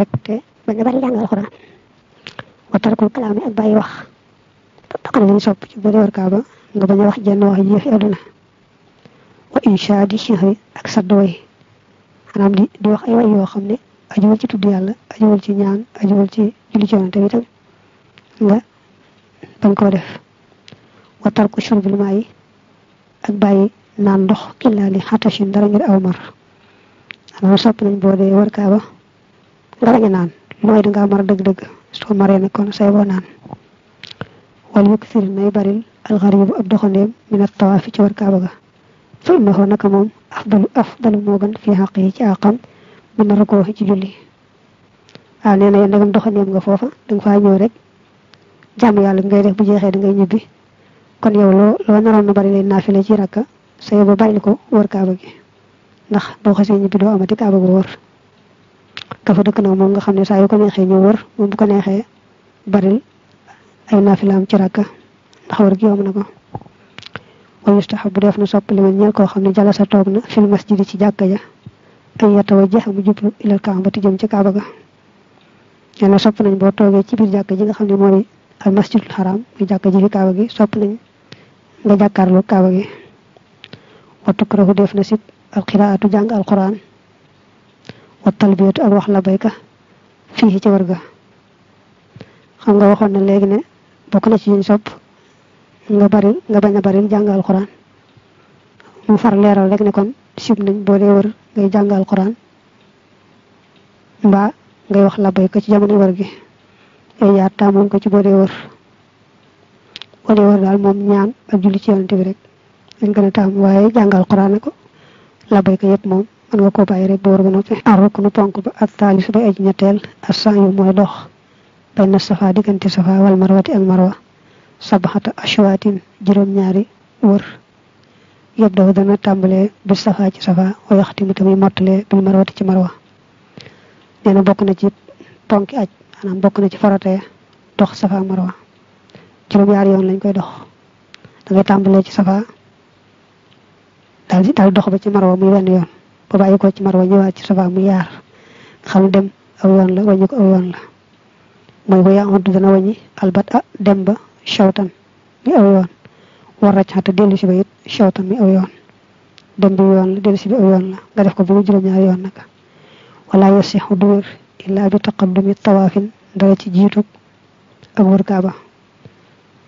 rek te bañ a bari jàng ak bàyyi wax taxaw nañ sopp ci boo door kaaba nga bañ a wax jenn wax ji yëfi wa insha di chihri ak sadd way xanaam di di wax ay way yoo xam ne ajuwal ci tudd yàlla ajuwal ci ñaan ajuwal ci julli ci yonante bi tam nga bañ koo def wa tarku shurbil maa yi ak bàyyi naan ndox killaali xatashin dara ngir aw mar xanaam sopp nañ boo dee nga bañ a naan mooy dangaa mar dëgg-dëgg soo maree nag kon say boo naan wal yukthir nay baril alxaribu ab doxandeem min at tawaafi ci war kaaba ga fa innahu naka moom afdalu afdalu moo gën fii xaq yi ci àqam mën na rakoo ci julli a ah, nee na yéen ndegam doxandeem nga foofa danga fa ñoo rek jàmm yàlla bi ngay def bu jeexee da ngay ñibbi kon yow lo loo naroon na bari lay naafile ci rakka sa yow ba ko war kaaba gi ndax boo xasee ñibbi doo amati kaaba gu kafa dëkk nag moom nga xam ne saa ko neexee ñu wër moom bu ko neexee baril ay naafilaam ci na ko wa bu def na sopp li man koo xam ne jala sa toog na fil masjidi ci jàkka ja ay yatawajjah mu jublu ilal kaaba te jëm ci kaaba ga na sopp nañ boo toogee ci biir jàkka ji nga xam ne mooy al masjidul haram muy jàkka ji fi kaaba gi sopp nañ nga jàkkaarloo kaaba gi wa tukrahu def na sib al jàng al wa talbiyatu ak wax labayka fii ci war ga xam nga waxoon na léegi ne bokk na ci ñu sopp nga bari nga bañ a bari jàngal alxuraan mu far leeral rek ne kon boo dee wër ngay jàngal alxuraan mbaa ngay wax labayka ci jamono war gi yooyu yaar taamoon ko ci boo de wër boo dee wër daal moom ñaan ak julli ci yonent bi rek lañ gën a waaye jàngal alxuraan ko labayka yëpp moom mën nga ko bàyyi rek boor ba noppi arruknu ponk ba ak taalis ba aji ñetteel assaayu mooy dox safa diggante safa wal marwati ak marwa sabaxata ashwaatin juróom-ñaari wër yëpp dafa dana tàmbalee bi safa ci safa wa yaxtimu tamit mottalee bil marwati ci marwa nee na bokk na ci ponki aj maanaam bokk na ci farate dox safa marwa juróom-ñaari yoon lañ koy dox da ngay ci safa daal di dox ba ci marwa muy wenn yoon ba bàyyi ko ci marwa ñëwaat ci safa mu yaar xam dem aw yoon la wañu ko a yoon la mooy ko yaa ontu dana wañi albat a ah, dem ba shawtan mi aw yoon war a caata dellu si ba it shawtan mi aw yoon dem bi yoon la dellu si bi aw yoon la nga def ko ba mu juróom-ñaari yoon nag wala yasixu du wér illaa bi tawaafin dara ci jiitu ak wër kaaba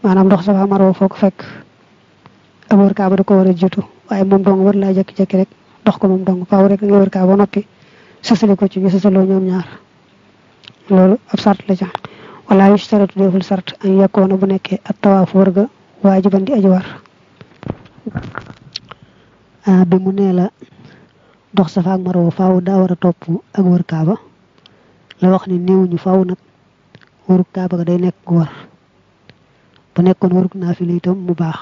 maanaam ndox safa marwa foo ko fekk ak wër kaaba da ko war a jiitu waaye moom dong war laa jekki-jekki rek dox ko moom dong faaw rek nga wër kaa noppi sësale ko ci ñu sësaloo ñoom ñaar loolu ab sart la ca wala yushtaratu deful sart an yakkoona bu nekkee ak tawaaf wër ga waajiban di aji war ah, bi mu nee la dox safa ak marwa faaw daa war a topp ak wër kaaba la wax ni néewuñu faaw nag wëru kaaba ga day nekk gu war bu nekkoon wëru naafila itam mu baax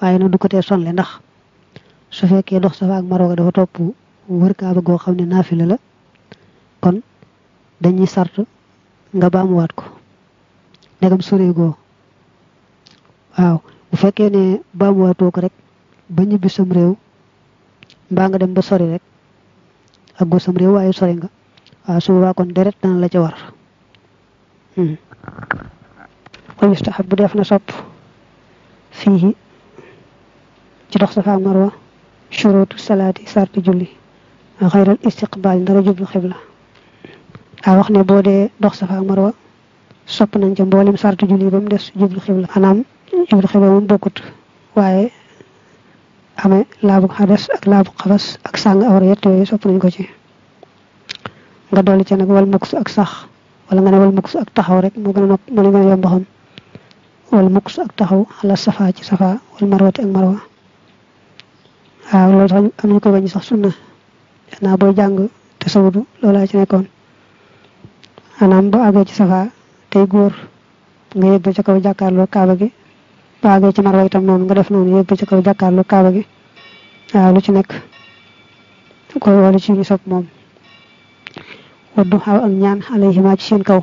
waaye nag du ko tee sonle ndax su fekkee dox safa ak marooga dafa topp wër kaaba goo xam ne naafila la kon dañuy sart nga baamuwaat ko ndegam sore goo waaw bu fekkee ne baamuwaatoo ko rek ba ñibbi sam réew mbaa nga dem ba sori rek ak goo sam réew waaye sori nga waaw su boobaa kon deret dana la ca war hmm. bu def na sopp fii ci dox safa ak marwa churutu salaati sarti julli xayral istiqbaal dara jublu xibla a wax ne boo dee dox safa ak marwa sopp nañ ca mboolem sarti julli ba mu des jublu xibla xanaam jublu xibla moom bokkut waaye amee laabu xades ak laabu xabas ak sàng awra yett yooyu sopp nañ ko ci nga dolli ca nag wal mukk ak sax wala nga ne wal mukk ak taxaw rek moo gën a nopp moo gën wal mukk ak taxaw ala safa ci safa wal marwati ak marwa waaw ah, loolu sax am na ko bañ sax sunna xanaa boo jàng te loolu loolaa ci nekkoon maanaam boo àggee ci safa tey góor nga yëg ba ca kaw jàkkaarloo kaaba gi boo àggee ci marwa itam noonu nga def noonu yëg ba ca kaw jàkkaarloo kaaba gi waaw ah, lu ci nekk ko wala ci ñu sopp moom waddu xaw ak ñaan alayhima ci seen kaw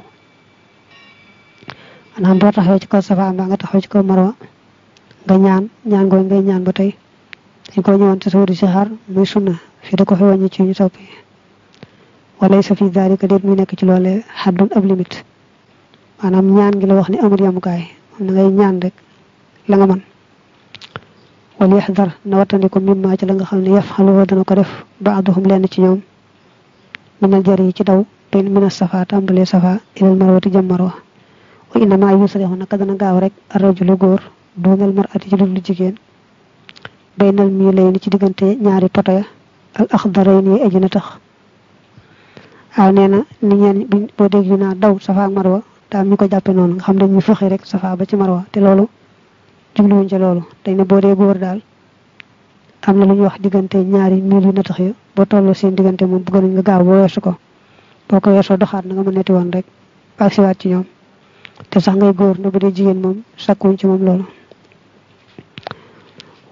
maanaam boo taxawee ci kaw safa mbaa nga taxaw ci kaw marwa nga ñaan ñaan gooy ngay ñaan ba tey dañ ko wàññi woon ci sawru si xaar muy sunna fii da ko fi wàññi ci ñu topp wala sa fi daalika déet muy nekk ci loole xaddun ab limite mu ñaan ngi la wax ni amul yamukaay moom na ngay ñaan rek la nga mën wala yaxdar na wattandiku mimma ci la nga xam ne yaf xaluwa dana ko def baaduhum lenn ci ñoom minal jar yi ci daw te mina safa tàmbalee safa ilal marwati jëm marwa wa innama yusrixu naka dana gaaw rek a arrajulu góor doonal marati ci lu jigéen baynal miilayni ci diggante ñaari poto ya al axdarayni yi aji a tax waaw nee na ni ñeen boo dégg ñu naa daw safa ak marwa daal ñu ko jàppe noonu nga xam ne ñu fëxi rek safa ba ci marwa te loolu jubluwuñ ca loolu dañ ne boo dee góor daal am na lu ñuy wax diggante ñaari miil yu na tax ya boo tolloo seen diggante moom bëgg nañ nga gaaw boo weesu ko boo ko weesoo doxaat na nga mën neti woon rek agsiwaat ci ñoom te sax ngay góor ne bu dee jigéen moom wuñ ci moom loolu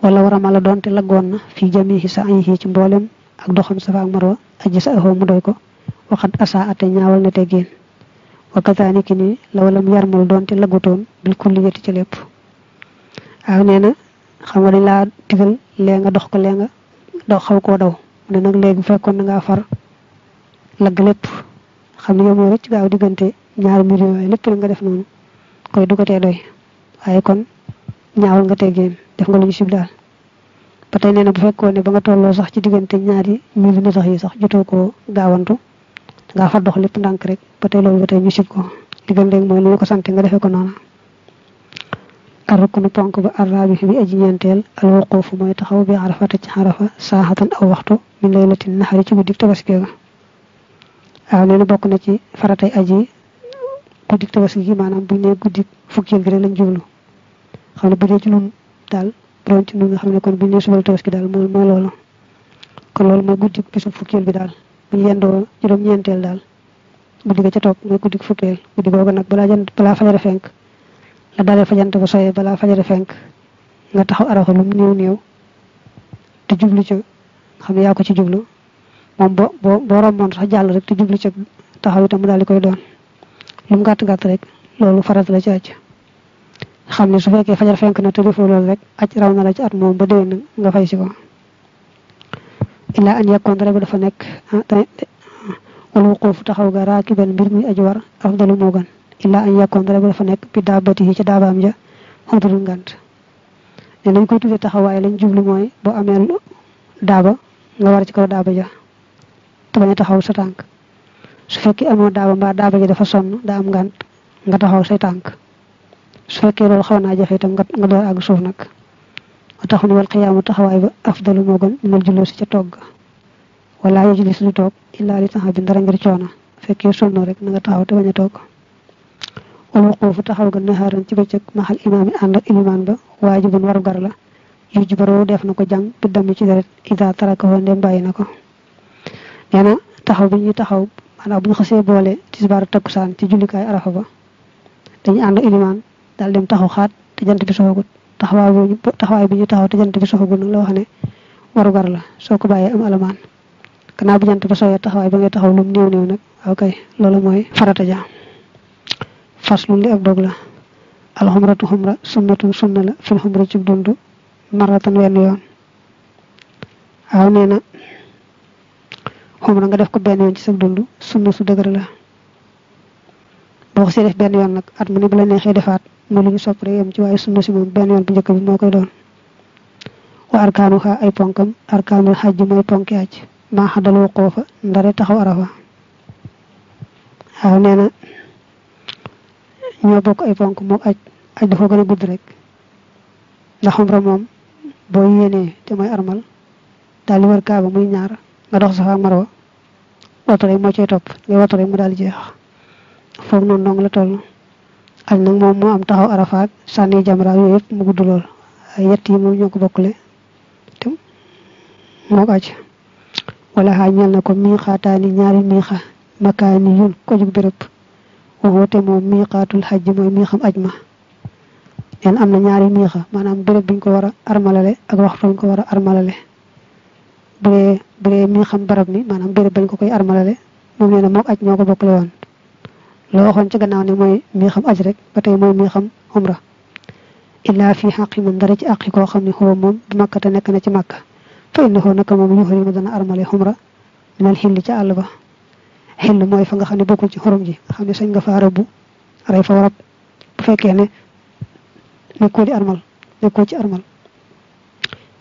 wala warama la donte laggoon na fii jamihi sa'ihi ci mboolem ak doxam safa ak marwa aji sa axoo mu dooy ko waxat asa ate ñaawal na teggeen wakkasaani ki nii la wala mu yarmal donte laggutoon bil kulli yëti ci lépp waaw nee na xam nga dañ laa digal lee nga dox ko lee nga daw xaw koo daw mu ne nag léegi fekkoon na ngaa far lagg lépp xam ne yow mooy rëcc gaaw ñaar ñaari mbir yooyu lépp la nga def noonu koy du ko tee doy waaye kon ñaawal nga te teggeen def nga lu ñu sib daal ba tey nee na bu fekkoon ne ba nga tolloo sax ci diggante ñaari sax yi sax jotoo ko gaawantu nga fa dox lépp ndànk rek ba tey loolu ba tey ñu sib ko li gën léegi mooy lu ñu ko sante nga defee ko noonu arrukunu ponk ba arraabi bi aji ñeenteel alwuquufu mooy taxaw bi arafata ci arafa saaxatan aw waxtu min laylatin naxari ci guddik tabaski ga waaw nee na bokk na ci faratay aji guddik tabaski gi maanaam buñ ne guddik fukkeel gi rek lañ jublu xam ne bu dee daal borom ci noonu nga xam ne kon bu ñu subal tabaski daal moo moo kon loolu mooy guddi bisu fukkeel bi daal bu ñu ñeenteel daal guddi ga ca toog mooy guddi fukkeel guddi googu nag balaa jant balaa fajara fenk la dalee fa jant ba soyee balaa fajara fenk nga taxaw arafa lu mu néew néew te jublu ca xam ne yaa ko ci jublu moom boo boo boo romboon sax jàll rek te jublu ca taxaw itam mu daal di koy doon lu mu gàtt gàtt rek loolu farat la ci xam ne su fekkee fajar fenk na te loolu rek aj raw na la ci at moom ba déwén nga fay si ko illaa an yakkoon rek dafa nekk ah, ah, wal taxaw ga raakibal mbir muy aji war afdalu moo gën illaa an yakkoon rek dafa nekk bi daabati yi ca daabaam ja xudul ngant ne nañ koy tuddee taxawaay lañ jublu mooy boo amee daaba nga war ci kaw daaba ja te taxaw sa tànk su fekkee amoo daaba mbaa daaba ja dafa sonn daa am ngant nga taxaw say tànk su fekkee loolu xaw naa jafe tam nga nga door àgg suuf nag moo tax ni wal xiyaamu taxawaay ba afdalu moo gën mel julloo si ca toog togg wala yoo ci gis lu toog illaa li taxa bi ndara ngir coono fekkee sonno rek na nga taxaw te bañ a toog wal wuquufu taxaw gën naxaaran ci bëccëg ma imaam yi ànd ak ilimaan ba waajibun waru gar la yu jubaroo def na ko jàng bi dami ci deret ida taraka wa ndem bàyyi na ko nee taxaw bi ñuy taxaw maanaam bu ñu xasee boole tisbaar takkusaan ci jullikaay arafa ba dañu ànd ilimaan daal dem taxaw xaat te jant bi soxagut taxawaay boobu taxawaay bi ñu taxaw te jant bi soxagut nag la wax ne warugar la soo ko bàyyee am alamaan gannaaw bu jant ba sowee taxawaay ba ngay taxaw lu néew néew nag ok loolu mooy farata ja faslu li ak dog la alxumratu xumra sunnatun sunna la fil xumra ci dund maratan wenn yoon waaw nee na xumra nga def ko benn yoon ci sa dund sunna su dëgër la boo ko si def benn yoon nag at mu ne bu la neexee defaat noonu ñu sopp rek yem ci waaye sunna si moom benn yoon bu njëkk bi moo koy doon wa arkaanu xaa ay ponkam arkaanul xaj mooy ponk aj maa xadal wuqoo fa ndare taxaw arafa waaw nee na ñoo bokk ay ponk moom aj aj dafa gën a rek ndax umra moom boo yéenee te mooy armal daal di wër kaaba muy ñaar nga dox safa ak marwa watu rek moo cay topp ngay watu rek mu daal jeex foofu noonu dong la toll aj nag moom moo am taxaw arafaat sànni jamra yooyu yëpp mu gudd lool ay yett yi moom ñoo ko bokkule te moo aj wala xaaj ñel na ko miixaataani ñaari miixa makaani yun ko jug béréb waxoo te moom miixaatul xaj mooy miixam aj ma leen am na ñaari miixa maanaam béréb biñ ko war a armalale ak waxtu biñ ko war a armalale bu dee bu dee miixam barab mi maanaam béréb bañ ko koy armalale moom nee mook aj ñoo ko bokkule woon la waxoon ci gannaaw ne mooy mii xam aj rek ba tey mooy mi xam umra illaa fi xaq man dara ci àqi koo xam ne xoo moom du makka te nekk na ci makka fa innahu naka moom yuxrimu dana armale xumra minal xilli ca àll ba xill mooy fa nga xam ne bokkul ci xorom ji nga xam ne sañ nga fa rëbb rey fa warab bu fekkee ne nekkoo di armal nekkoo ci armal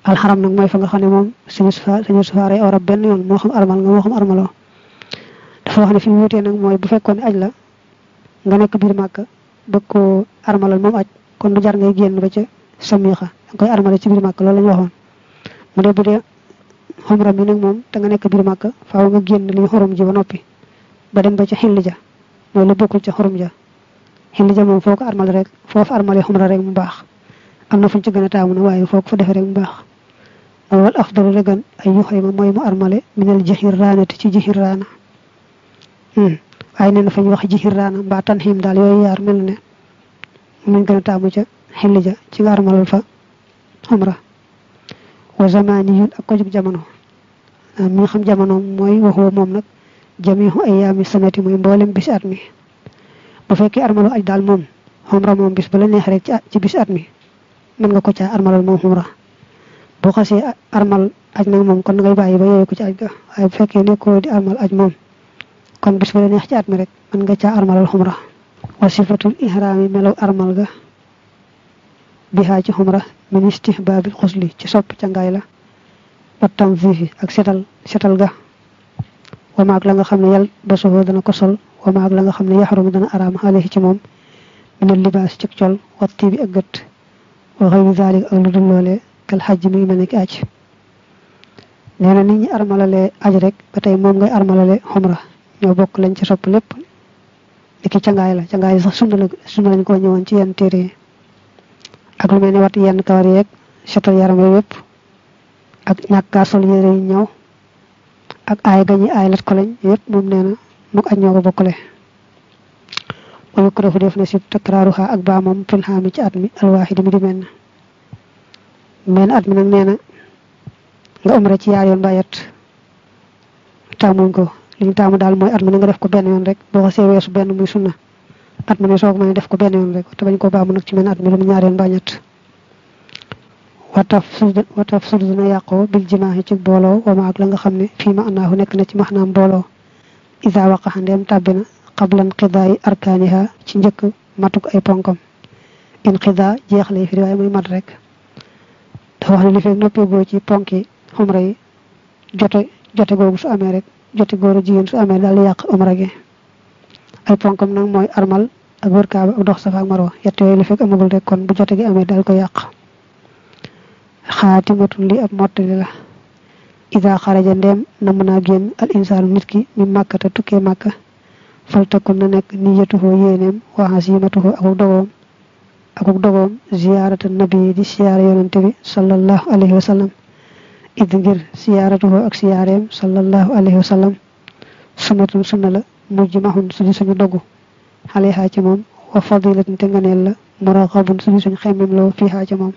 alxaram nag mooy fa nga xam ne moom sañu sufa sañu sufa rey warab benn yoon moo xam armal nga moo xam armaloo dafa ne fi mu wutee nag mooy bu fekkoon aj la nga nekk biir màkka bëgg koo armalal moom aj kon du jar ngay génn ba ca samiixa danga koy armale ci biir màkka loolu la waxoon mu ne bu dee xumra bi nag moom te nga nekk biir màkka faaw nga génn li xurum ji ba noppi ba dem ba ca xilli ja mooy la bokkul ca xurum ja xilli ja moom foo ko armal rek foofu armale xumra rek mu baax am na fuñ ci gën a taamu na waaye foo ko fa defee rek mu baax mooy wal afdalu la gën ay yuxrima mooy mu armale minal jihir raanati ci jihir raana hmm. ay nee na fa ñu wax jihiraana mbaa tanxiim daal yooyu yaar mel ne mun gën a taamu ca xilli ja ci nga armalal fa umra wa zamaniyun ak ko jub jamono mi xam jamono mooy waxuwa moom nag jamihu ayaami sanati mooy mboolem bis at mi bu fekkee armaloo aj daal moom umra moom bis ba la neex rek ci bis at mi mën nga ko caa armalal moom umra boo xasee armal aj nag moom kon ngay bàyyi ba yooyu ko ci aj ga waaye bu fekkee di armal aj moom kon bis ba la neex ci at mi rek mën nga caa armalal xumra wa sifatul ihraami melow armal ga bihaa ci xumra min istihbaabil xusli ci sopp ca ngaay la wa tanzihi ak setal setal ga wa maag la nga xam ne yàl ba soxoo dana ko sol wa maag la nga xam ne yaxrumu dana araam alayhi ci moom min a libaas ci col wa tibi ak gët wa xayru zalik ak lu dul kal xaj mi ngi aj nee na nit ñi armalale aj rek ba tey moom ngay armalale xumra ñoo bokk lañ ci sopp lépp niki cangaay la cangaay sax sunna la sunna lañ ko ñëwoon ci yenn téere yi ak lu mel ni wat yenn kawar yeeg setal yaram yooyu yëpp ak ñàkk gaa sol yére yu ñëw ak aay gañi aay lat ko lañ moom nee na añ ñoo ko bokkale wa yukrahu def na sib takraaruha ak baamam fil xaami ci at mi alwaahidi mi di menn menn at mi nag nee nga umra ci yaar yoon ba yet tàmmuñ ko li mu taamu daal mooy at mu ne nga def ko benn yoon rek boo xasee weesu benn muy sunna at mu ne ma ne def ko benn yoon rek te bañ koo baamu nag ci mel at mi lu mu ñaareel mbaa ñett wataf su wataf su dina yi ci booloo wama ak la nga xam ne fii ma anaahu nekk na ci maxnaam booloo isa waqaxa ndeem tàbbi na xablan xidaayi arkaaniha ci njëkk matuk ay ponkam in xidaa jeex lay firi waaye muy mat rek dafa wax ne li fekk noppee goo ci ponki xumra yi jote jote googu su amee rek joti góor a jigéen su amee daal yàq umra gi ay ponkam nag mooy armal ak wër kaaba ak dox safa ak marwa yett yooyu lu fekk amagul rek kon bu jote gi amee daal ko yàq xaatimatun li ab mottali la isa xaraja ndeem na mën a génn al insaanu nit ki mi màkka te tukkee màkka fal takku na nekk niyatuhoo yéeneem waxas yimatuhoo akuk dogoom akuk dogoom ziyaarata nabi di siyaara yonante bi sallallahu alayhi wa id ngir siyaaratuhu ak siyaareem sallallahu alayhi wa la mujmahun suñu suñu dogu xaleexaa ca moom wa fadilatin te nganeel la muraqabun suñu suñu xemmem la fii xaa ca moom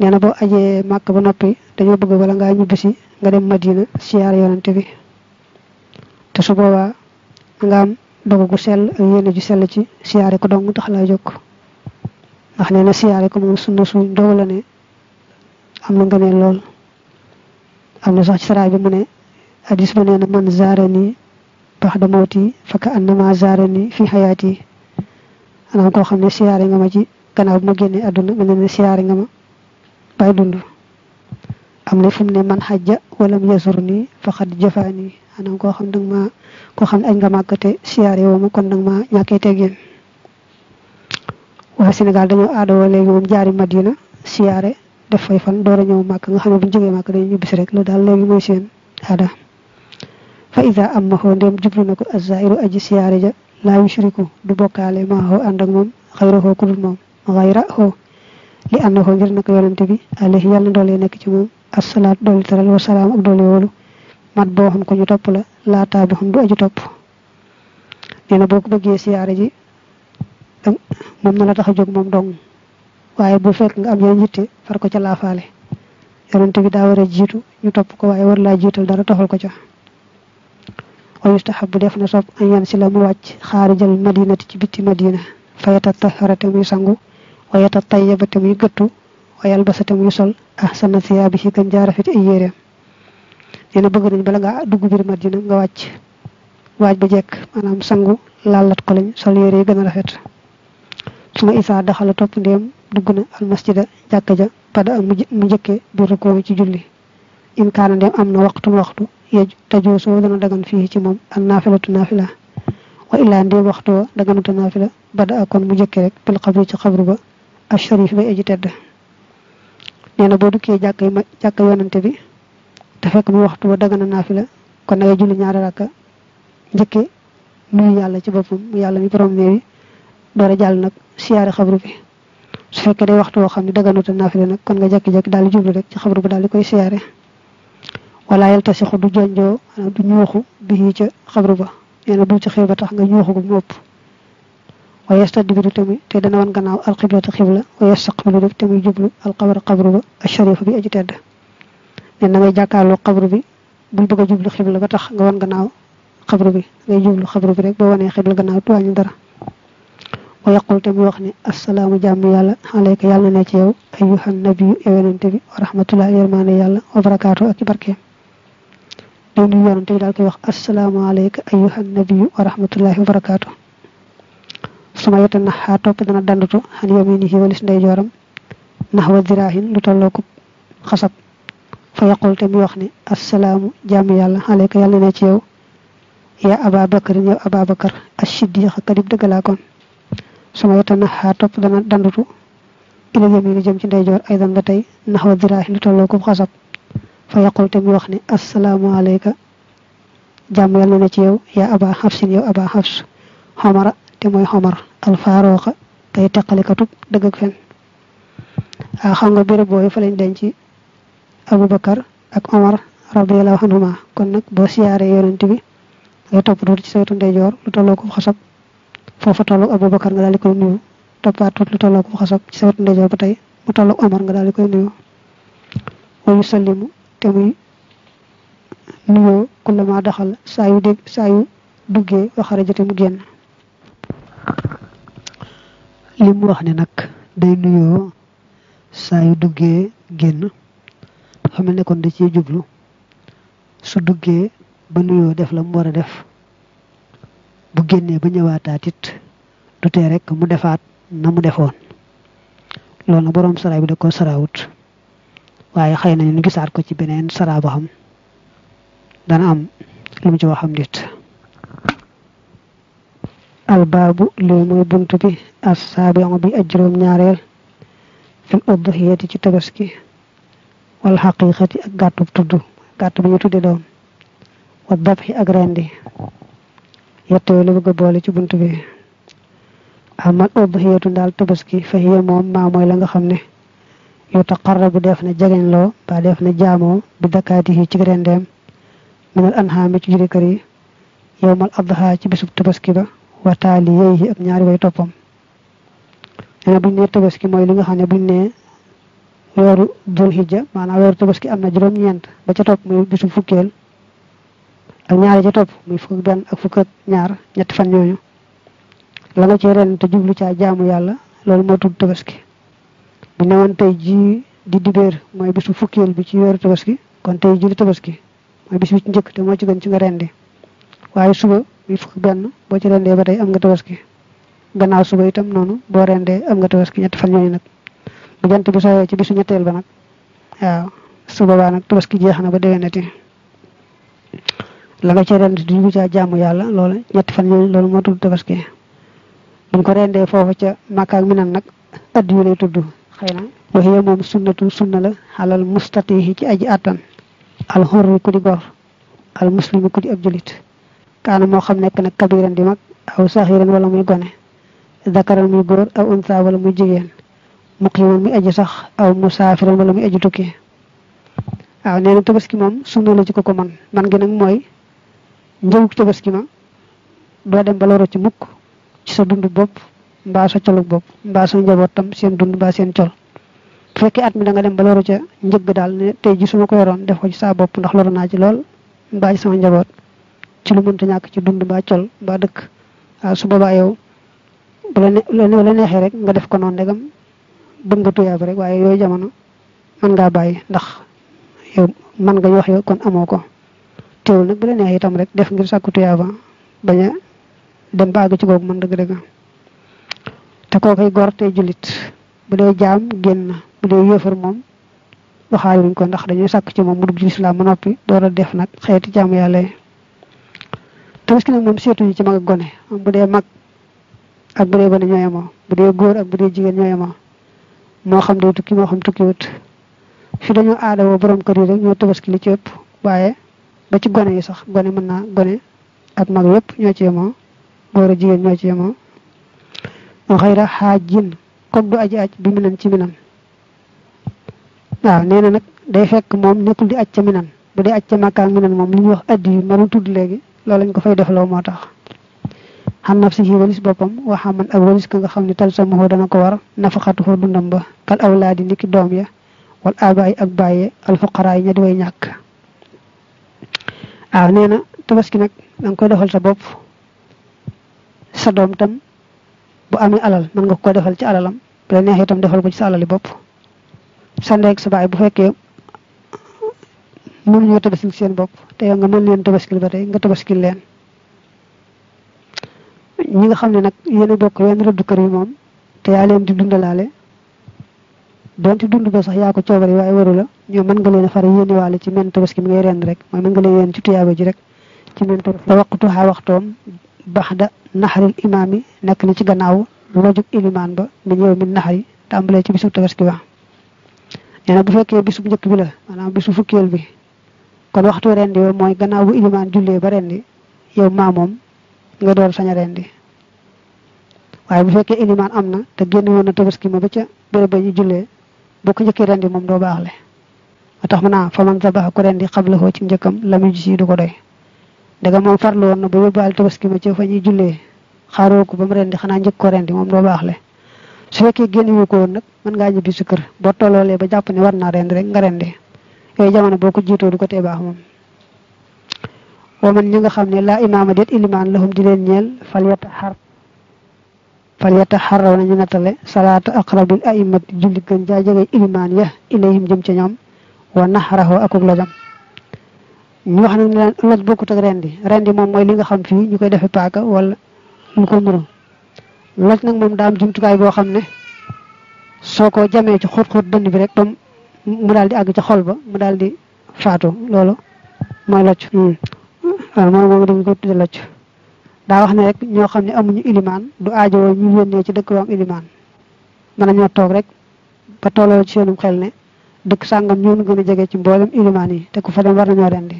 nee na boo ajee màkk ba noppi dañoo bëgg wala ngaa ñibbisi nga dem madina siyaar yonante bi te su boobaa nga am dogu gu sell ak yéene ju sell ci siyaare ko dong tax laa jóg ndax nee na siyaare ko moom sunna suñ dogu la ne am na nga ne lool am na sax ci saraay bi mu ne hadis ba na man zaarani ba'da mawti fa ka annama xam ne ma ci gannaaw bi ma génnee àdduna mel na ne siyaare nga ma bay dund am na fi ne man xajja wala mu yasur nii fa xad jafaani anaam koo xam xam ne añ nga màggate siyaare woo ma kon danga ma ñàkkee teggeen waa Sénégal dañoo aadawoo léegi moom jaari Madina siyaare def fay fan door a ñëw màkk nga xam ne bu ñu jógee màkk dañuy ñibbisi rek seen aada fa isa am maxoo ndéem jublu na ko azairu aji siyaare ja laa yushriku du bokkaale maaxoo ànd ak moom xayrahoo ku dul moom xayra xoo li ànd xoo ngir nako yonante bi alayhi yàlla doolee nekk ci moom asalaat dooli taral wasalaam ak doole woolu mat boo xam ko ñu topp la laataa bi xam du aji topp nee na boo ko bëggee siyaare ji moom na la tax a jóg moom dong waaye bu fekk nga am yow yitte far ko ca laafaale yonent bi daa war jiitu ñu topp ko waaye war laa jiital dara toxal ko ca wa bu def na sopp an yan si la mu wàcc xaarijal madinati ci bitti madina fa yata tahara te muy sangu wa yata tayyaba te muy gëttu wa yalbasa te muy sol ahsana thiyaabi yi i jaarafeti ay yéreem nee bëgg nañ bala nga dugg biir madina nga wàcc waaj ba jekk maanaam sangu laalat ko lañ sol yére yi gën a rafet su ma isaa daxala topp ndéem dugg na almasjida jàkka ja bada mu njëkke bi rukoo ci julli in kaana dem am na waxtu waxtu yej tajusoo dana dagan fii ci moom al naafilatu naafila wa illaa ndéem waxtu wa daganuta naafila bada akon mu njëkke rek bil xabri ci xabru ba al sharif bay aji tedd nee na boo dukkee jàkka yi ma jàkka yonante bi te fekk mu waxtu wa dagana naafila kon na ngay julli ñaari rakka njëkke nuyu yàlla ci boppam yàlla mi borom néewi doora jàll nag siyaare xabru bi su fekkee day waxtu woo xam ne daganut a naafile nag kon nga jékki-jékki daal di jublu rek ci xabru ba daal di koy siyaare wala yal tasixu du jonjoo maanaam du ñuuxu bi ca xabru ba nee na ci xëy ba tax nga ñuuxu ko mu ëpp waaye stadbiru tamit te dana wan gannaaw alxiblata xibla waaye saqbilu def te muy jublu alxabra xabru ba asharifa bi aji tedd nee na ngay jàkkaarloo xabru bi bul bëgg a jublu xibla ba tax nga gannaaw xabru bi ngay jublu xabru bi rek boo wanee xibla gannaaw du wàññi dara wa yaqul te mu wax ne assalaamu jàmm yàlla aleyka yàlla na ci yow ayyuhan nabiyu yow yonente bi wa rahmatullahi yërmaane yàlla wa barakaatu ak i barkeem di nuyu yonente wax assalaamu aleyka ayyuhan nabiyu wa rahmatullahi wa barakaatu suma yete naxaa topp dana dandutu xan yaminihi walis ndeyjooram naxwa diraahin lu tolloo xasab fa yaqul te wax ne assalaamu jàmm yàlla aleyka yàlla na ci yow yaa aba bakar yow aba bakar as siddiq kadib dëggalaa suma watana xaa topp dana dandutu ila yam yi jëm ci ndeyjoor ay dan ba tey naxwa diraahi lu tolloo ko xasab fa yaqul te mu wax ne assalaamu alayka jàmm yàlla na ci yow yaa aba xafsin yow aba xafs xomara te mooy xomar alfaarooxa tey teqalikatub dëgg ak fen waaw ah, xam nga béréb boobu fa lañ denc Aboubacar ak Omar radiyallahu anhuma kon nag boo siyaaree yonent bi ngay topp dootu ci saytu ndeyjoor lu tolloo ko xasab foofa tolloog Abubakar nga daal di koy nuyu toppaat tuut lu tolloog sa wetu ndeyjoor ba tey mu tolloog Omar nga daal di koy nuyu wa yusallimu te muy nuyoo kullama daxal saa yu dégg saa yu duggee wa xarajate mu génn li wax ne nag day nuyoo saa yu duggee génn xam ne kon da ciy jublu su duggee ba nuyoo def la mu war a def bu génnee ba ñëwaataatit it rek mu defaat na mu defoon loolu nag borom sara da ko sarawut waaye xëy nañu ñu gisaat ko ci beneen sara xam dana am lu mu ci waxam dit albaabu lii mooy bunt bi as saabion bi ak juróom ñaareel fil udhiyati ci tabaski wal xaqiqati ak gàttu tudd gàtt bi ñu tudde doom wa dabxi ak rendi yett yooyu la bëgg boole ci bunt bi amal ah, udhiyatu daal tabaski fa hiya moom maa mooy la nga xam ne yu taqarrabu def na jegeñloo ba def na jaamoo bi dakaati yi ci rendeem minal anhaami ci juri kër yi yowmal adha ci bisub tabaski ba wa taali yeey ak ñaari way toppam nee buñ nee tabaski mooy li nga xam ne buñ nee weeru dul hijja maanaam weeru tabaski am na juróom-ñeent ba ca topp muy bisub fukkeel ak ñaare ca topp muy fukk benn ak fukk ñaar ñetti fan yooyu la nga cee ren te jublu caa jaamu yàlla loolu moo tudd tabaski bu newoon tey ji di dibeer mooy bisu fukkeel bi ci weeru tabaski kon tey ji di tabaski mooy bis ci njëkk te moo ci gën ci nga rendi waaye suba muy fukk benn boo ci rendee ba tey am nga tabaski gannaaw suba itam noonu boo rendee am nga tabaski ñetti fan yooyu nag bu jant bi sooyee ci bisu ñetteel ba nag waaw suba baa nag tabaski jeex na ba déwénati la nga ca rend caa jaamu yàlla loola ñett fan yooyu loolu moo tudd tabaski buñ ko rendee foofa ca Makka ak Minan nag addiya lay tudd xëy na waxiya moom sunnatu sunna la alal mustatihi ci aji attan al xurri ku di gor al muslimi ku di ab julit kaana moo xam nekk nag kabiran di mag aw saxiran wala muy gone dakaran muy góor aw unsa wala muy jigéen muqiman muy aji sax aw musaafiran wala muy aji tukki waaw nee na tabaski moom sunna la ci ko ko man man mooy njëwug tabaski ma doo dem ba looro ci mukk ci sa dund bopp mbaa sa colug bopp mbaa sa njaboot tam seen dund mbaa seen col bu fekkee at mi da nga dem ba looro ca njëgg daal ne tey ji su ma ko yoroon def ko ci saa bopp ndax loru naa ci lool mbaa ci sama njaboot ci lu mënta ñàkk ci dund mbaa col mbaa dëkk waaw su boobaa yow la neexee rek nga def ko noonu ndegam bëgg nga tuyaab rek waaye yooyu jamono mën ngaa bàyyi ndax yow mën nga wax yow kon amoo ko teewul nag bu la neex itam rek def ngir sàkku tuyaaba bañ a dem ba àgg ci kooku mën dëgg-dëgg te kookoy gor tey jullit bu dee jaam génn bu dee yéefar moom waxaale wuñ ko ndax dañuy sàkk ci moom mu dugg ci lislaam ba noppi door a def nag xeeti jaamu yàlla yi tabaski nag moom seetuñu ci mag ak gone moom bu dee mag ak bu dee gone ñoo bu dee góor ak bu dee jigéen ñoo moo xam day tukki moo xam tukki wut fi dañoo aada woo borom kër rek ñoo tabaski li ci ba ci gone yi sax gone mën naa gone ak mag yépp ñoo ci moom góor a jigéen ñoo ci yemoo wa xayra xaajin kog du aji aj bi minan ci minan waaw nee na nag day fekk moom nekkul di aj ca minan bu dee aj ca makkaan minan moom li ñuy wax addi yu maru tudd léegi loolu lañ ko fay def defloo moo tax xam naf si yi walis boppam waxaa man ak walis ka nga xam ne tal samaho dana ko war nafaxatuxoo dundam ba kal awlaadi niki doom ya wal abaay ak bàyyee alfuqaraay ña di way ñàkk waaw nee na tabaski nag danga nga koy defal sa bopp sa doom tam bu amee alal mën nga ko defal ci alalam bu la neexee tam defal ko ci sa alali bopp sa ndey ak sa baay bu fekkee mënuñoo tabaski seen bopp te yow nga mën leen tabaskil ba tey nga tabaskil leen ñi nga xam ne nag yéen a bokk wenn rëddu kër yi moom te yaa leen di dundalaale donte dund ko sax yaa ko coobare waaye waru la ñoom mën nga leen a far yéene waale ci men tabaski mi ngay rend rek mooy mën nga leen yéen ci tuyaaba ji rek ci men tabaski waqtuha waxtoom baxda naxaril imaam nekk na ci gannaaw rojug ilimaan ba min yow min naxar tàmbalee ci bisu tabaski ba nee bu fekkee bisu njëkk bi la maanaam bisu fukkeel bi kon waxtu mooy gannaaw bu ilimaan jullee ba rendi yow nga door sañ waaye bu fekkee ilimaan am na te génn woon na tabaski ma ba ca béréb ba ñu jullee boo ko njëkkee rendi moom doo baaxle ba tax mu naa fa man zabaxa ku rendi xablahoo ci njëkkam la mu gis du ko doy daga moom farlu woon na ba yóbbaale tabaski ma ci fa ñuy jullee xaaroo ko ba mu rendi xanaa njëkk ko rendi moom doo baax baaxle su fekkee génnewu ko woon nag mën ngaa ñibbi su kër boo tolloolee ba jàpp ne war naa rendi rek nga rendi yooyu jamono boo ko jiitoo du ko tee baax moom waman ñi nga xam ne laa imaama déet ilimaan lahum di leen fal yataxarraw na ñu nattale salaata aqrabil aimati julli gën jaa jege ilimaan ya ilayhim jëm ca ñoom wa naxrahu akuk lojam ñu wax nag ne laan loj bokkut ak rendi rendi moom mooy li nga xam fii ñu koy defee paaka wala lu ko muro loj nag moom daam jumtukaay boo xam ne soo ko jamee ci xóot-xóot dënd bi rek ba mu daal di àgg ca xol ba mu dal di faatu loolu mooy loj waaw hmm. moom moom dañ ko tudde loj daa wax ne rek ñoo xam ne amuñu ilimaan du aajowoo ñu yónnee ci dëkk bu am ilimaan mën nañoo toog rek ba tolloo ci seenum xel ne dëkk sàngam ñoo gën a jege ci mboolem ilimaan yi te ku fa dem war nañoo rendi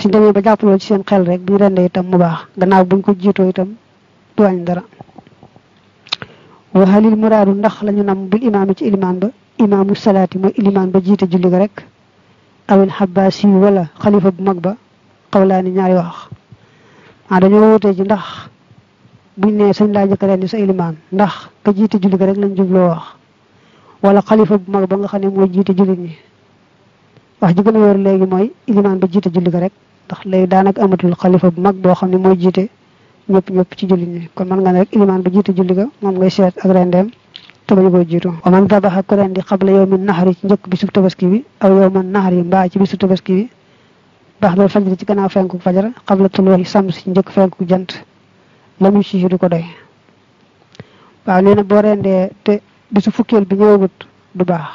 suñ demee ba jàppaloo ci seen xel rek bu ñu rendee itam mu baax gannaaw buñ ko jiitoo itam du wàññi dara waxalil muraadu ndax lañu nam bil imaami ci ilimaan ba imaamu salaati mooy ilimaan ba jiite julli ga rek awil xabbaasi wala xalifa bu mag ba xawlaani ñaari wax ah dañoo wutee ci ndax buñ ne sañ laa jëkk rendi sa ilimaan ndax ka jiite julli ga rek lañ jubloo wax wala xalifa bu mag ba nga xam ne mooy jiite jullit ñi wax ji gën a wér mooy ilimaan ba jiite julli ga rek ndax léegi daanaka amatul xalifa bu mag boo xam ne mooy jiite ñëpp ñëpp ci jullit ñi kon mën nga ne rek ilimaan ba jiite julli ga moom ngay seet ak rendeem te bañu koy jiitu wa man dabaxa ku rendi xabla yow mi naxari ci njëkk bisub tabaski bi aw yow man naxari mbaa ci bisub tabaski bi baxdal fajri ci gannaaw fenku fajar xabla tuluuxi sams ci njëkk fenku jant la mu ci du ko doy waaw nee na boo rendee te bisu fukkeel bi ñëwagut du baax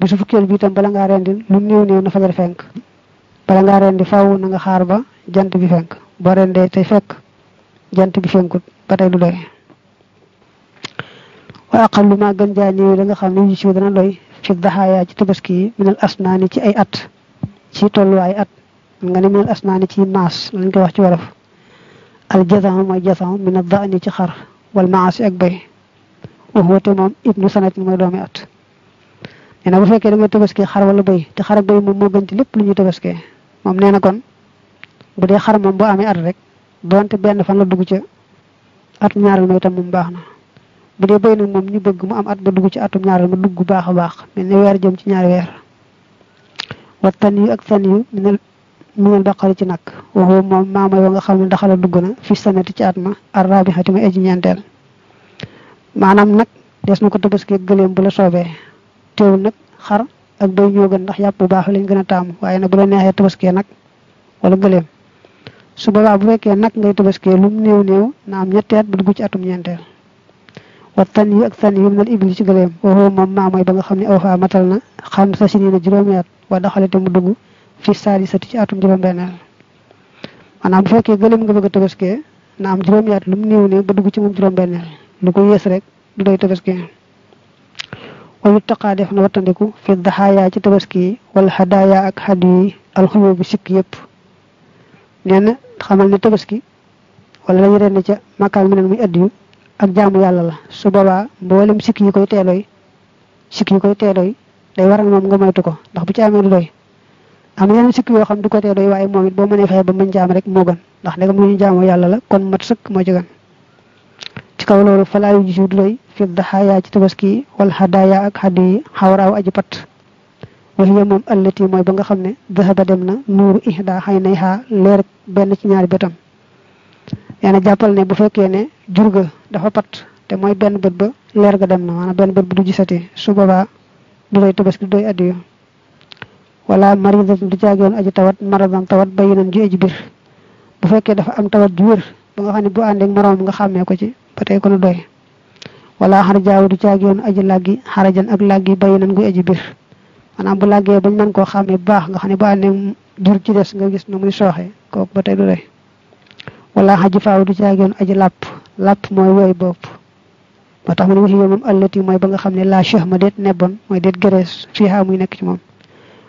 bisu fukkeel bi itam bala ngaa rendi lu néew néew na fajar fenk bala ngaa rendi faw na nga xaar ba jant bi fenk boo rendee te fekk jant bi fenkut ba tey du doy wa aqallu maa gën jaa ñëw da nga xam ne yu ci dana doy fi daxaayaa ci tabaski yi minal asnaani ci ay at ci tolluwaay at mu nga ne minal asnaani ci maas lañ koy wax ci wolof al jazam mooy jazam min ad-da'ni ci xar wal maasi ak bay wax wate moom ibnu sanat ni mooy doomi at nee na bu fekkee da nga tabaski xar wala bay te xar ak bay moom moo gën ci lépp lu ñuy tabaskee moom nee na kon bu dee xar moom boo amee at rek doonte benn fan la dugg ci atum ñaareel ma itam mu baax na bu dee bay nag moom ñu bëgg mu am at ba dugg ci atum ñaareel ma dugg baax a baax mel ni weer jëm ci ñaari weer wa tan yu ak fan mu minal minal baqari ci nag waxu moom maamay wa nga xam ne daxala dugg na fi sanati ci at ma ar rabihati ma aji ñeenteel maanaam nag des na ko tabaskee gëléem bu la soobee teewul nag xar ak doy ñoo gën ndax yàpp bu baax lañ gën a taamu waaye nag bu la neexee tabaskee nag wala gëléem su boobaa bu fekkee nag ngay tabaskee lu mu néew néew na am ñetteet bu dugg ci atum ñeenteel wa tan yu ak san yu minal ibli ci gëléem waxoo moom maa mooy ba nga xam ne aw faa matal na xam sa si nii na juróomi at wa daxale te mu dugg fi saali sati ci atum juróom-benneel maanaam bu fekkee gëléem nga bëgg a na am juróomi at lu mu néew ne ba dugg ci moom juróom-benneel lu ko yées rek du doy tabaskee taqaa def na wattandiku fi ci tabaski yi wala xadaaya ak xaddu yi bu sikk yëpp nee na xamal ne tabaski wala lañu ren ca makkaan mu neen muy addiyu ak jaamu yàlla la su boobaa mboolem sikk koy teelooy sikk koy teelooy day waral moom nga moytu ko ndax bu ci amee lu doy am yeneen sikk yoo xam du ko teelooy waaye moom it boo mënee fexe ba mën jaam rek moo ndax ndegam lu ñu jaamu yàlla la kon mat sëkk moo ci ci kaw loolu falaayu ji si du doy fi daxaayaa ci tabaski wala xadaaya ak xaddi xawraaw aji pat wax ya moom allati mooy ba nga xam ne dahaba dem na nuuru ihda xay nay xaa leer benn ci ñaari bëtam yana jàppal ne bu fekkee ne jur ga dafa pat te mooy benn bët ba leer ga dem na maanaam benn bët bu du gisati su boobaa du doy tabaski du doy addiyu wala maridatun du caagoon aji tawat maradam tawat bayinan ju aji biir bu fekkee dafa am tawat ju wér ba nga xam ne bu àndeeg moroom nga xàmmee ko ci ba tey ko nu doy wala xarjaaw du caagoon aji làggi xarajan ak làggi bayinan gu aji biir maanaam bu làggee bañ mën koo xàmmee bu baax nga xam ne bu àndeeg jur ci des nga gis nu muy sooxe kooku ba tey du doy wala xaju faaw du caagoon aji làpp làpp mooy woy bopp moo tax mu ne waxi yow moom allati mooy ba nga xam ne laa cheikh ma déet nebbon mooy déet gërees muy nekk ci moom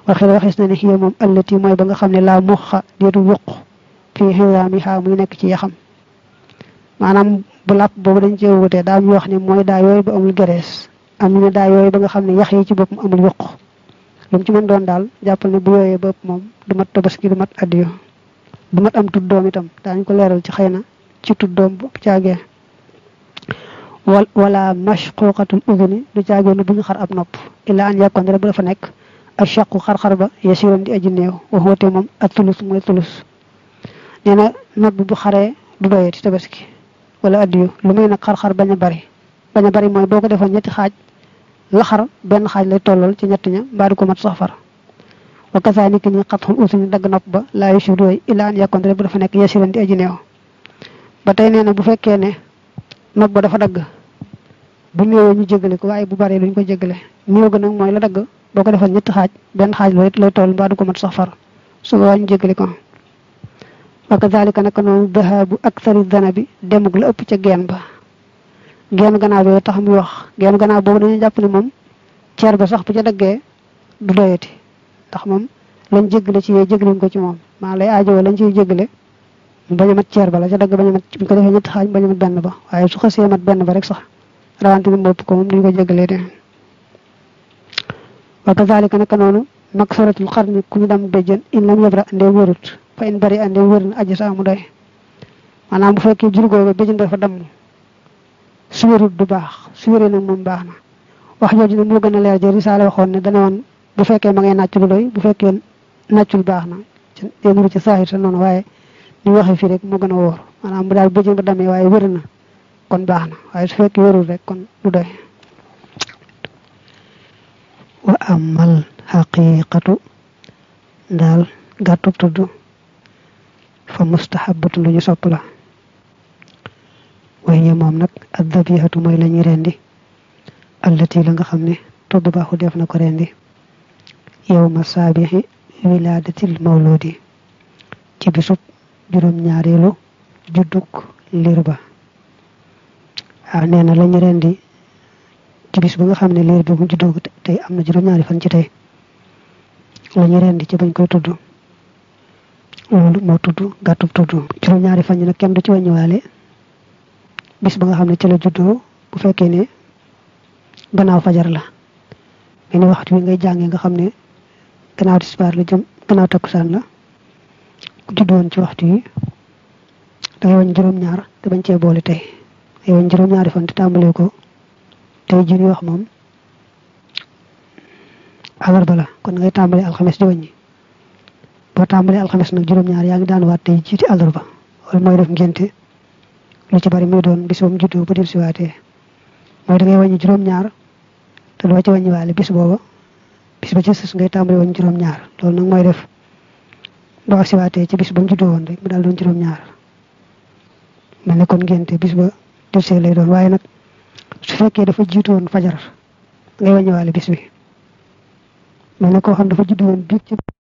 waxee na ne yow moom allati mooy ba nga xam ne laa muqa déetu wuq fii xisaam yi xaa muy nekk ci yaxam maanaam bu làpp boobu dañ cee wutee daa am wax ne mooy daa yooyu ba amul am ñu daa yooyu ba nga xam ne yax yi ci bopp mu amul wuq lu mu ci mën doon daal jàppal ne bu yooyee bopp moom du mat tabaski du mat addiyo bu mat am tudd doom itam daañu ko leeral ci xëy na ci tudd doom bu caagee wala mashquqatul uduni du caagee nu bu ñu xar ab nopp illa an yàkkoon rek bu dafa nekk ak chaqu xar-xar ba yasiram di aji néew wax wate moom ak tulus mooy tulus nee na nopp bi bu xaree du doyee ci tabaski wala addiyu lu muy nag xar-xar bañ a bari bañ a bari mooy boo ko defoon ñetti xaaj la xar benn xaaj lay tollal ci ñett ña mbaa du ko mat sax far wa kazalika ni xat xul dagg nopp ba laa yu sudooy ilaa an yàkkonte bu dafa nekk yasiran di ba tey nee na bu fekkee ne nopp ba dafa dagg bu néewee ñu jégale ko waaye bu baree duñ ko jégale néew nag mooy la dagg boo ko defoon ñetti xaaj benn xaaj looy looy toll mbaa ko mat sax far su boobaa ñu jégale ko wa kazalika naka noonu dahaabu aksari dana bi demug la ëpp ca geen ba genn ganaar boobu tax muy wax genn gannaaw boobu dañuy jàpp ne moom ceer ba sax bu ca daggee du doyati ndax moom lam jéggale ci yooyu jéglañ ko ci moom maa lay aajowoo lañ ciy jéggale bañ a mat ceer ba la ca dagg bañ a mat buñ ko defee ñetti xaaj bañ a mat benn ba waaye su xasee mat benn ba rek sax rawante bi mopp ko moom duñ ko jégalee de wa kazalika naka noonu mag saratul xarni ku ñu dam déjjën in lam yebra andee wërut fa in bari andee wër na aji saa mu doy maanaam bu fekkee jurgooga déjjën dafa damm su wérut du baax su wéree nag moom baax na wax jooju ne moo gën a leer ji ne dana bu fekkee ma ngay nàcc lu bu fekkee nàccul baax na yéen ci saahir sa noonu waaye ni waxe fii rek moo gën a wóor maanaam mu daal bëjën ba demee waaye wér na kon baax na waaye su fekkee wérul rek kon du doy wa amal xaqiqatu daal gàttu tudd fa mustahabatu lu ñu sopp la way ñë moom nag ak dabihatu mooy la ñuy rendi allati la nga xam ne tudd baaxu def na ko rendi yowma saabixi wilaadatil mawludi ci bisub juróom ñaareelu juddug liir ba waaw ah, nee na lañu rendi ci bis ba nga xam ne liir bi mu juddoo tey am na juróom-ñaari fan ci tey lañu rendi ci bañ koy tudd loolu moo tudd gàttub tudd juróom-ñaari fan yi nag kenn du ci wàññiwaale bis ba nga xam ne ci la juddoo bu fekkee ni gannaaw fajar la benn waxtu wi ngay jàngee nga xam ne gannaaw tisbaar la jëm gannaaw takkusaan la ku judd ci waxtu yi dangay wañ juróom-ñaar te bañ cee boole tey ay wañ juróom-ñaari fan te tàmbalee ko tey jii wax moom àllarba la kon ngay tàmbalee alxames di wàññi boo tàmbalee alxames nag juróom-ñaar yaa ngi daan waat tey jiiti àllarba wala mooy def ngénte lu ci bari muy doon bis boobu juddoo ba dellusiwaatee mooy te doo ci wàññi waale bis booba. bis ba ci sus ngay tàmbali woon juróom-ñaar loolu nag mooy def boo agsiwaatee ci bis ba mu juddoo woon rek mu daal doon juróom-ñaar mel ne kon ngénte bis ba déllusé lay doon waaye nag su fekkee dafa jiitu woon fajar ngay wàññiwaale bis bi mel xam dafa juddu woon biig ci.